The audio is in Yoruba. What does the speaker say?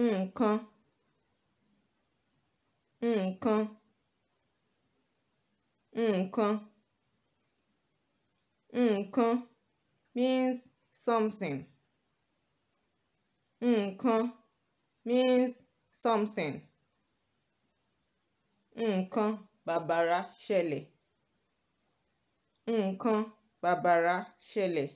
nkọ nkọ nkọ nkọ means something nkọ means something nǹkan bàbàrà ṣẹlẹ̀ nǹkan bàbàrà ṣẹlẹ̀